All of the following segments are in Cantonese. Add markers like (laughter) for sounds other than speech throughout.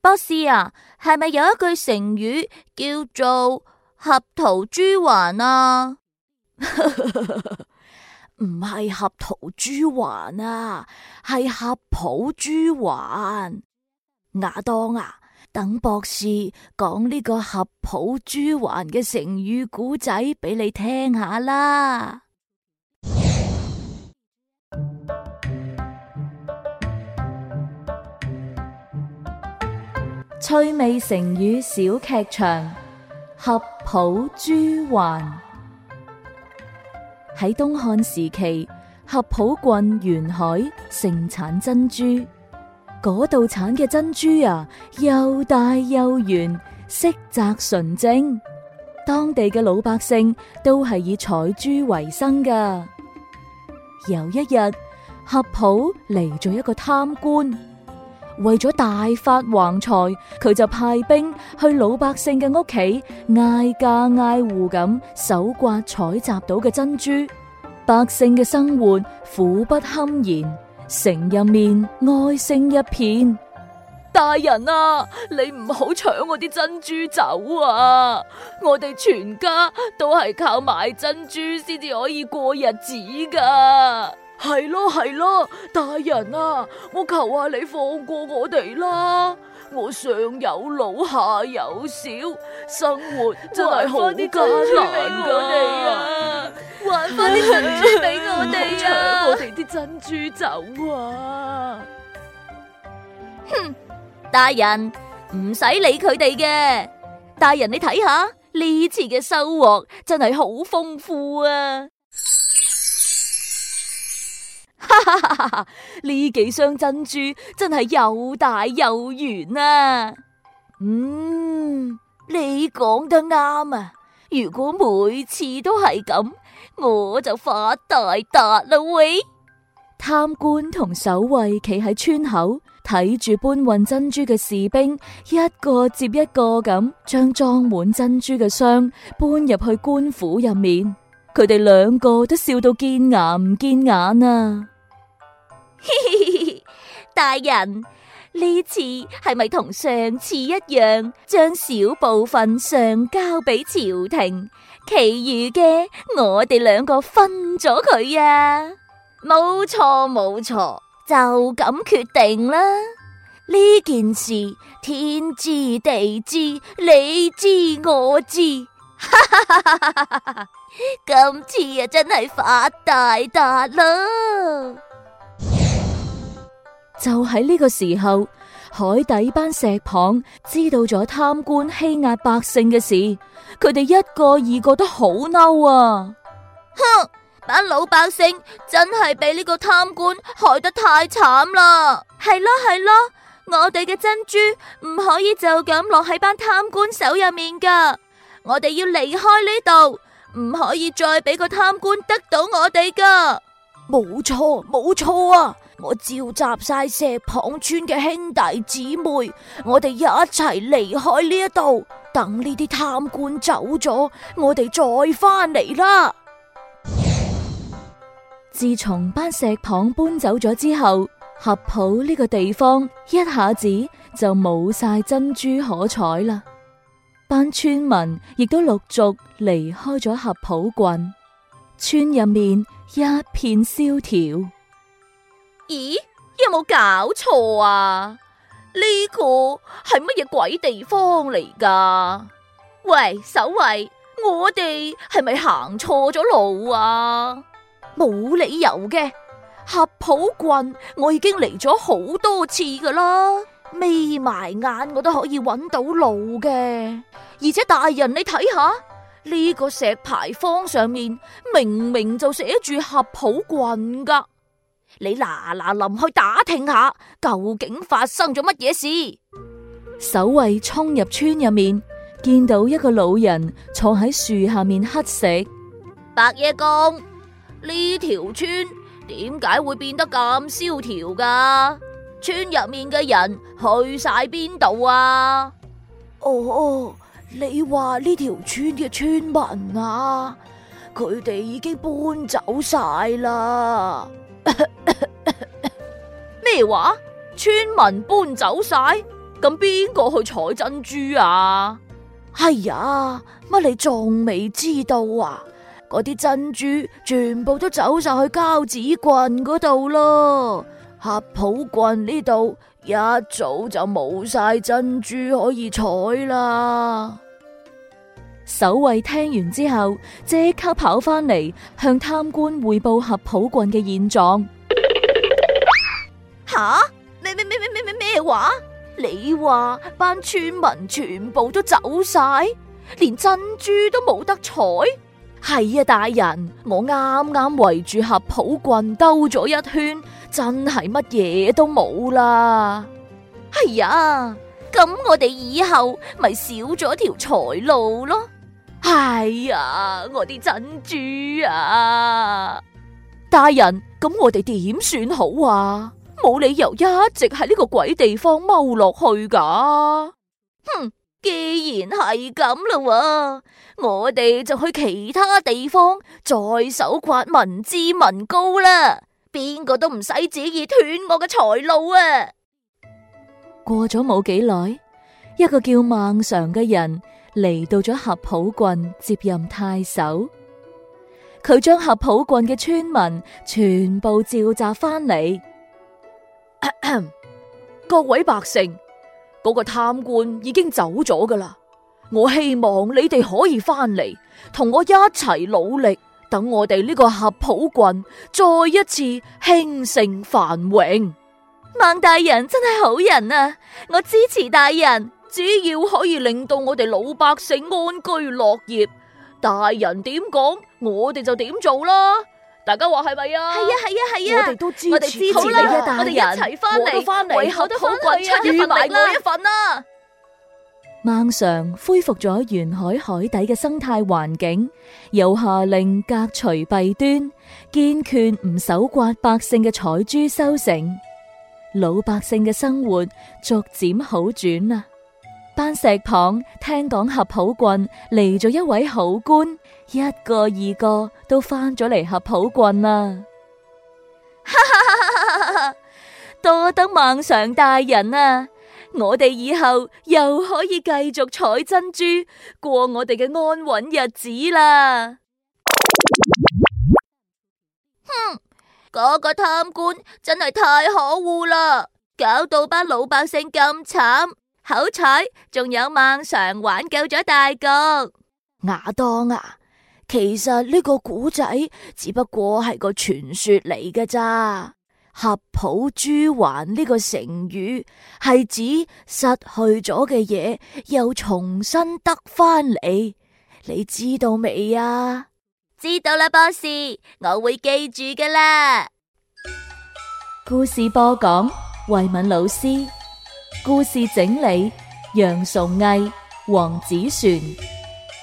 博士啊，係咪有一句成語叫做合桃珠還啊？唔 (laughs) 係合桃珠還啊，係合浦珠還。亞當啊，等博士講呢個合浦珠還嘅成語故仔俾你聽下啦。趣味成語小劇場：合浦珠還。喺東漢時期，合浦郡沿海盛產珍珠。嗰度產嘅珍珠啊，又大又圓，色澤純正。當地嘅老百姓都係以採珠為生噶。有一日，合浦嚟咗一個貪官。為咗大發橫財，佢就派兵去老百姓嘅屋企，挨家挨戶咁搜刮採集到嘅珍珠。百姓嘅生活苦不堪言，城入面哀聲一片。大人啊，你唔好搶我啲珍珠走啊！我哋全家都係靠賣珍珠先至可以過日子噶。係咯係咯，大人啊，我求下你放過我哋啦！我上有老下有小，生活真係好艱難啊！還翻啲珍珠俾我哋啊！唔好搶 (laughs) 我哋啲珍珠走啊！哼， (noise) 大人唔使理佢哋嘅，大人你睇下呢次嘅收穫真係好豐富啊！哈哈哈！哈呢 (laughs) 幾箱珍珠真係又大又圓啊！嗯，你講得啱啊！如果每次都係咁，我就發大達啦喂！貪官同守衛企喺村口，睇住搬運珍珠嘅士兵，一個接一個咁將裝滿珍珠嘅箱搬入去官府入面。佢哋兩個都笑到見牙唔見眼啊！ (laughs) 大人，呢次係咪同上次一樣，將小部分上交俾朝廷，其餘嘅我哋兩個分咗佢呀！冇錯冇錯，就咁決定啦！呢件事天知地知，你知我知，哈哈哈哈！今次啊，真係發大達啦！就喺呢個時候，海底班石蚌知道咗貪官欺壓百姓嘅事，佢哋一個二個都好嬲啊！哼，班老百姓真係俾呢個貪官害得太慘啦，係咯係咯，我哋嘅珍珠唔可以就咁落喺班貪官手入面噶，我哋要離開呢度。唔可以再俾個貪官得到我哋噶，冇錯冇錯啊！我召集晒石蚌村嘅兄弟姊妹，我哋一齊離開呢一度，等呢啲貪官走咗，我哋再翻嚟啦。自從班石蚌搬走咗之後，合浦呢個地方一下子就冇晒珍珠可採啦。班村民亦都陸續離開咗合浦郡，村入面一片蕭條。咦，有冇搞錯啊？呢個係乜嘢鬼地方嚟噶？喂，守衛，我哋係咪行錯咗路啊？冇理由嘅，合浦郡我已經嚟咗好多次噶啦。咪埋眼，我都可以揾到路嘅。而且大人，你睇下呢個石牌坊上面明明就寫住合浦郡噶。你嗱嗱臨去打聽下，究竟發生咗乜嘢事？守衛衝入村入面，見到一個老人坐喺樹下面乞食。伯爺公，呢條村點解會變得咁蕭條噶？村入面嘅人去晒邊度啊？哦，你話呢條村嘅村民啊？佢哋已經搬走晒啦。咩 (laughs) 話？村民搬走晒？咁邊個去採珍珠啊？係、哎、呀，乜你仲未知道啊？嗰啲珍珠全部都走晒去交趾郡嗰度啦。合浦郡呢度一早就冇晒珍珠可以採啦！守衛聽完之後，即刻跑翻嚟向貪官匯報合浦郡嘅現狀。吓？咩咩咩咩咩咩咩話？你話班村民全部都走晒，連珍珠都冇得採？係啊，大人，我啱啱圍住合浦郡兜咗一圈。真係乜嘢都冇啦，係、哎、呀，咁我哋以後咪少咗條財路咯，係、哎、呀，我啲珍珠啊，大人，咁我哋點算好啊？冇理由一直喺呢個鬼地方踎落去噶。哼，既然係咁啦，我哋就去其他地方再搜刮民脂民膏啦。邊個都唔使旨意斷我嘅財路啊！過咗冇幾耐，一個叫孟嘗嘅人嚟到咗合浦郡，接任太守。佢將合浦郡嘅村民全部召集翻嚟咳咳。各位百姓，嗰、那個貪官已經走咗噶啦。我希望你哋可以翻嚟，同我一齊努力。等我哋呢個合浦郡再一次興盛繁榮。孟大人真係好人啊！我支持大人，只要可以令到我哋老百姓安居樂業，大人點講我哋就點做啦！大家話係咪啊？係啊係啊係啊！啊，我哋都支持，我哋支持你啊！好啦！大人，我哋一齊翻嚟，我哋一齊翻嚟，我哋合浦郡出、啊、出一份力，出一份力啊！孟嘗恢復咗沿海海底嘅生態環境，又下令革除弊端，堅決唔搜刮百姓嘅採珠收成，老百姓嘅生活逐漸好轉啊！班石蚌聽講合浦郡嚟咗一位好官，一個二個都返咗嚟合浦郡啦！多得孟嘗大人啊！我哋以後又可以繼續採珍珠，過我哋嘅安穩日子啦。哼，嗰個貪官真係太可惡啦，搞到班老百姓咁慘。好彩，仲有孟嘗挽救咗大局。亞當啊，其實呢個古仔只不過係個傳說嚟㗎咋。合浦珠還呢個成語係指失去咗嘅嘢又重新得返嚟，你知道未啊？知道啦，博士，我會記住㗎喇。故事播講：慧敏老師，故事整理：楊崇藝、黃子璇，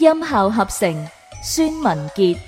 音效合成：孫文杰。